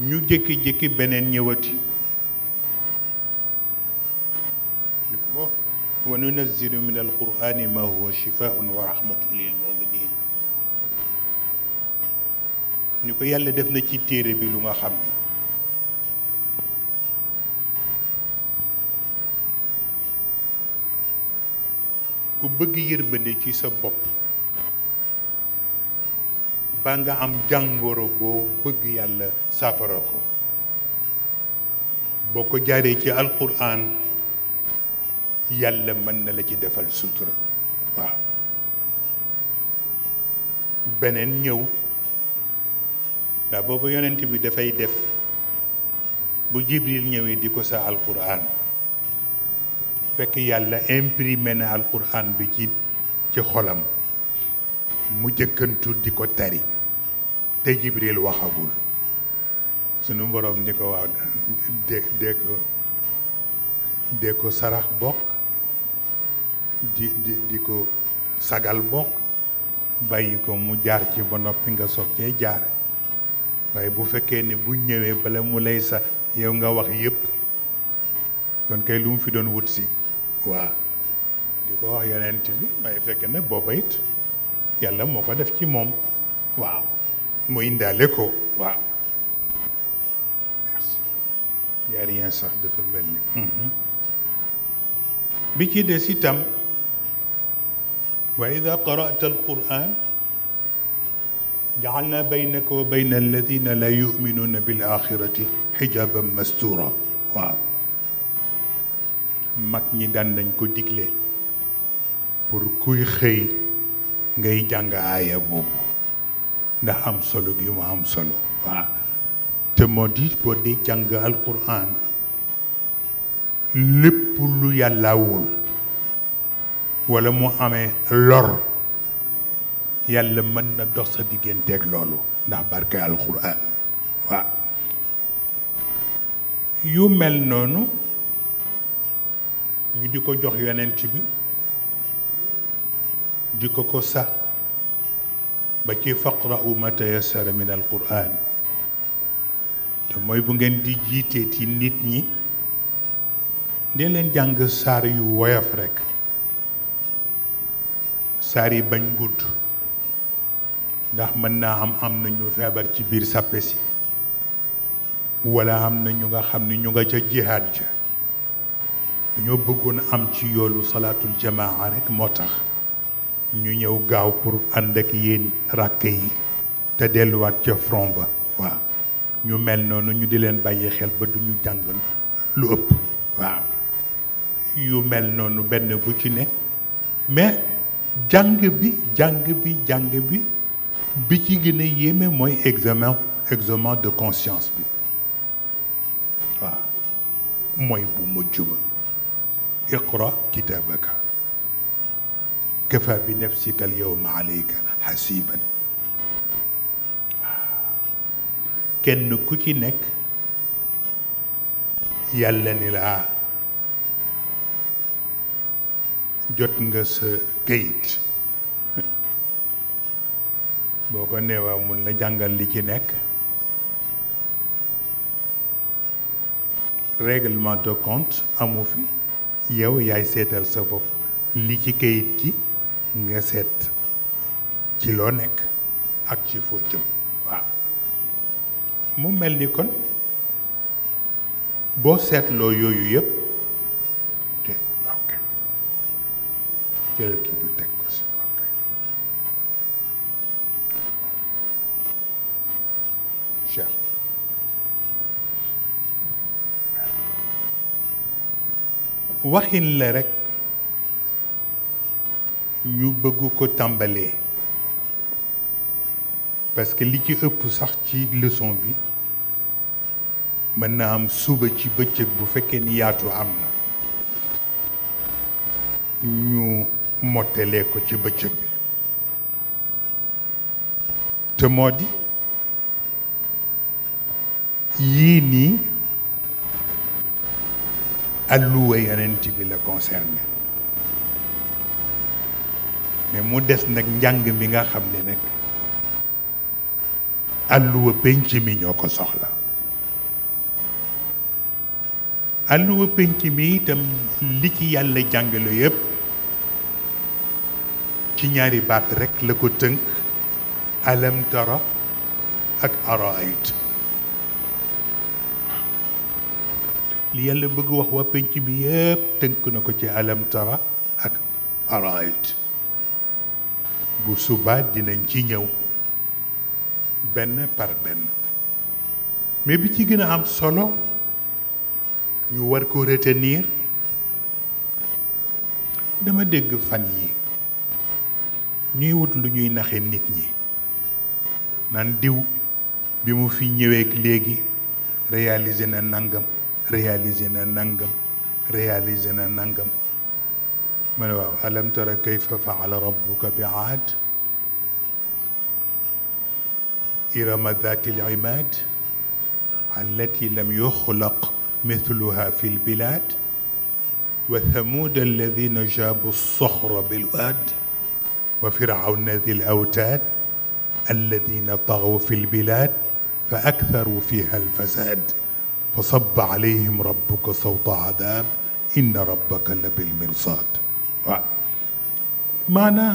ñu jëkk jékki beneen ñëwati wa nunazzilu min alqurani ma huwa shifaun wa rahmatun lil muminin ko yàlla def na ci téere bi lu nga xam ne ku bëgg yërmande ci sa bopp ba nga am jàngooro boo bëgg yàlla saafara ko boo ko jaaree ci alquran yàlla mën na la ci defal sutura waaw beneen ñëw ndax boobu yonent bi dafay def bu jibril ñëwee di ko sa alquran fekk yàlla imprimé na alquran bi ci ci xolam mu jëkkantu di ko tari te Jibril waxagul sunu borom ni ko waaw de de ko de ko sarax bokk di di di ko sagal bokk bàyyi ko mu jaar ci ba noppi nga soog cee jaar waaye bu fekkee ne bu ñëwee bala mu lay sa yow nga wax yépp kon kay lu mu fi doon wut si waaw di ko wax yonent bi waaye fekk na booba yàlla moo ko def ci moom waaw mu indaale ko waaw merci yaari sax dafa mel ni bi ci de itam wa ida qara'ta alquran ja'alna baynaka wa bayna la yu'minuna bil axirati xijaban mastura waaw ñi daan nañ ko digle pour kuy xëy ngay jàng aaya ndax am solo gi mu am solo waaw te moo di boo dee jàng alquran lépp lu yàllaawul wala mu amee lor yàlla mën na dox sa digganteeg loolu ndax barke alquran waaw yu mel noonu ñu di ko jox yonent bi di ko ko sax ba ci faqra'u ma tayassara min alquran te mooy bu ngeen di jiitee ci nit ñi dee leen jàng saar yu woyof rekk saar yi bañ gudd ndax mën naa am am nañu feebar ci biir sàppe si wala am na ñu nga xam ni ñu nga ca jihaad ja dañoo bëggoon am ci yoolu salaatul jamaa rekk moo tax ñu ñëw gaaw pour ànd ak yéen rakk yi te delluwaat ca front ba waa ñu mel noonu ñu di leen bàyyi xel ba du ñu jàngal lu ëpp waaw yu mel noonu benn bu ci ne mais jàng bi jàng bi jàng bi bi ci gën a yéeme mooy examen examen de conscience bi waaw mooy bu mujj ba iqra kitabaka kafa bi nafsika al yowma aleyka xasiban kenn ku ci nekk yàlla ni laa jot nga sa kayit boo ko neewaa mun la jàngal li ci nekk règlement de compte amu fi yow yaay seetal sa bopp li ci kayit gi nga seet ci loo nekk ak ci foo jëm waaw mu mel ni kon boo seetloo yooyu yëpp te ok ñu bëgg ko tàmbalee parce que li ci ëpp sax ci leçon bi mën na am suba ci bëccëg bu fekkee ni yaatu am na ñu mottalee ko ci bëccëg bi te moo di yii nii alluwa yonent bi la concerné mais mu des nag njàng mi nga xam ne nag àlluwa penc mi ñoo ko soxla àlluwa penc mi itam li ci yàlla jàngale yépp ci ñaari baat rekk la ko tënk alam tara ak araayit li yàlla bëgg wax waa penc mi yépp tënk na ko ci alam tara ak araayit bu subaa dinañ ci ñëw benn par benn mais bi ci gën a am solo ñu war ko retenir dama dégg fan yi ñuy wut lu ñuy naxe nit ñi nan diw bi mu fi ñëweek léegi réalisé na nangam réalisé na nangam réalisé na nangam ma ne waaw alam tara kayfa faala rabbuka bi aad irama daati limaad allati lam yuxlaq mithluha fi lbilad wa thamuuda alladina jaabu soxra bilwaad wa firawna di lawtaad alladina taxaw fi lbilad fa aktaru fiha alfasad fa saba alayhim rabbuka sawta adaab inna rabbaka la bilmirsaad waaw maanaa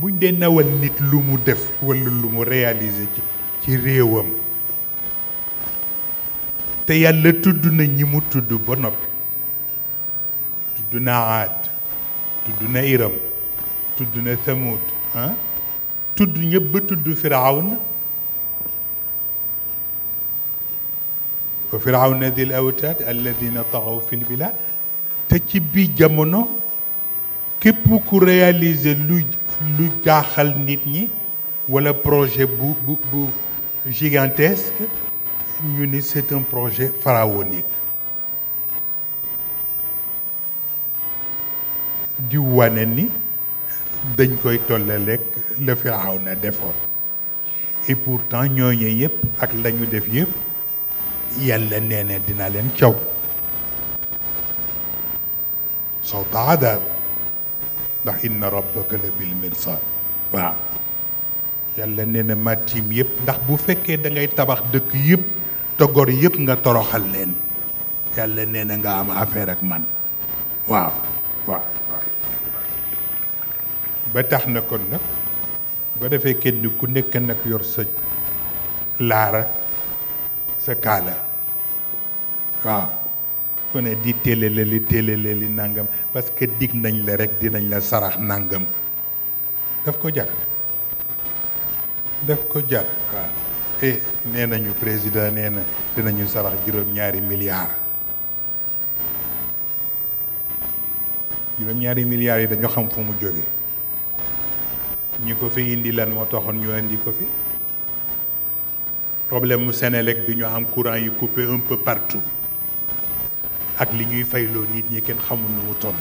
buñ dee nawal nit lu mu def wala lu mu réaliser ci ci réewam te yàlla tudd na ñi tudd ba noppi tudd na aad tudd na iram tudd na thamud ah? tudd ñëpp ba tudd firawna wa firawna dil awtaad alladina taxaw fi lbilad te ci biir jamono képp ku réaliser lu lu jaaxal nit ñi walla projet bu bu bu gigantesque ñu ni c'est un projet pharaonique di wane ni dañ koy tollaleeg la Firawna defoon et pourtant ñooñu yëpp ak lañu def yëpp yàlla nee dina leen caw ndax inna rabbaka la bil mirsad waaw yàlla nee na matim yëpp ndax bu fekkee da ngay tabax dëkk yépp te yépp nga toroxal leen yàlla nee nga am affaire ak man waaw ba tax na ko nag ba defee kenn ku nekk nag yor sa laara sa kaala waaw ku di télélé li télélé li nangam parce que dig nañ la rek dinañ la sarax nangam daf ko jar daf ko jar waaw e nee nañu président nee na dinañu sarax juróom-ñaari milliards juróom-ñaari milliards yi dañoo xam fu mu jóge ñi ko fi indi lan moo taxoon ñu indi ko fi problème mu Sénélec bi ñu am courant yi coupé un peu partout ak li ñuy fayloo nit ñi kenn xamul nu mu toll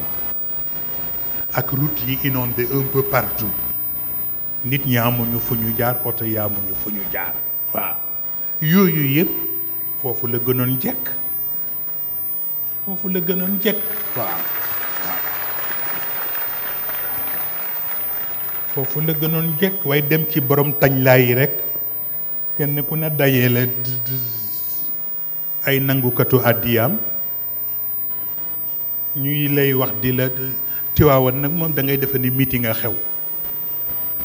ak route yi inondé un peu partout nit ñi amuñu fu ñu jaar oto yi amuñu fu ñu jaar waaw yooyu yëpp foofu la gënoon jekk foofu la gënoon jekk waaye dem ci borom tañ laa yi rek kenn ku ne dajee la ay nangukatu àddiyaam ñuy lay wax di la Tiwaawan nag moom da ngay defe ni meeting a xew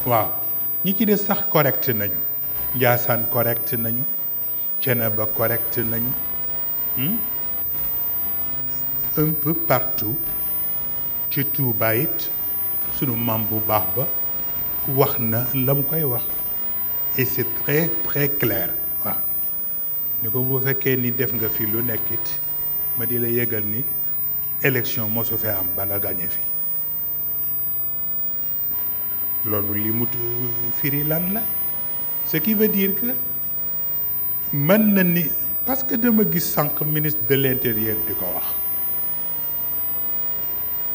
waaw ñi ci des sax correct nañu Njaasaan correct nañu Ceneba correct nañu hmm? un peu partout ci Tuubaa it sunu maam bu baax ba wax na la mu koy wax et c'est très très clair waaw ni ko bu fekkee ni def nga fi lu nekkit ma di la yëgal ni élection mosu fee am ba nga gàñe fi loolu li mu lan la ce qui veut dire mën na ni parce que dama gis sànq ministre de l'intérieur di ko wax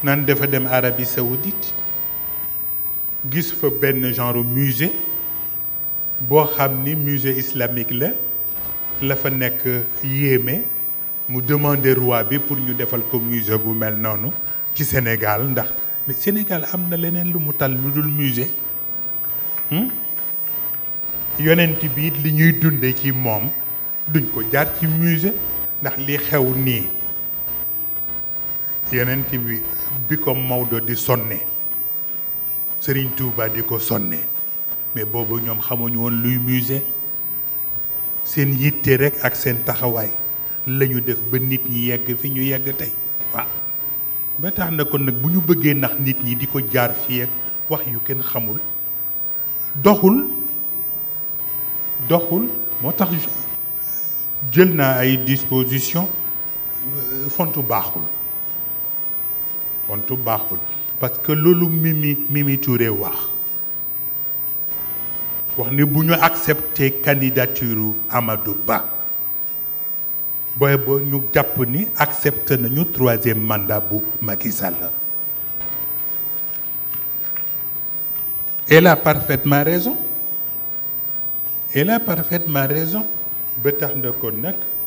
nan dafa dem Arabie saoudite gis fa benn genre musée boo xam ni musée islamique la la fa nekk yéeme mu demandé roi bi pour ñu defal ko musée bu mel noonu ci Sénégal ndax mais Sénégal am na leneen lu mu tal lu dul musée hmm? yonent bi li ñuy dunde ci moom duñ ko jaar ci musée ndax li xew nii yonent bi bi ko Maodo di sonne Serigne Touba di ko sonne mais boobu ñoom xamuñu woon luy musée seen yitte rek ak seen taxawaay la def ba nit ñi yegg fi ñu yegg tey waaw ba tax kon nag bu ñu bëggee nax nit ñi di ko jaar fii ak wax yu kenn xamul doxul doxul moo tax jël na ay disposition euh, fontu baaxul fontu baaxul parce que loolu Mimi Mimi Touré wax wax ni bu ñu accepter candidature Amadou Ba booy boo ñu jàpp ni accepté nañu troisième mandat bu Macky Sall. elle a parfaitement raison elle la parfaitement raison ba tax na kon nag.